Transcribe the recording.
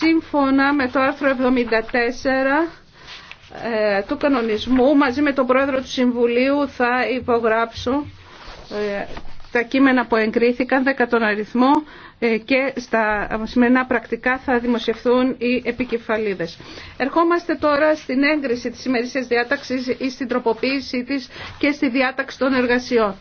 σύμφωνα με το άρθρο 74 ε, του κανονισμού μαζί με τον πρόεδρο του Συμβουλίου θα υπογράψω ε, τα κείμενα που εγκρίθηκαν, δέκα τον αριθμό ε, και στα σημερινά πρακτικά θα δημοσιευθούν οι επικεφαλίδες. Ερχόμαστε τώρα στην έγκριση της σημερινής διάταξης ή στην τροποποίησή της και στη διάταξη των εργασιών.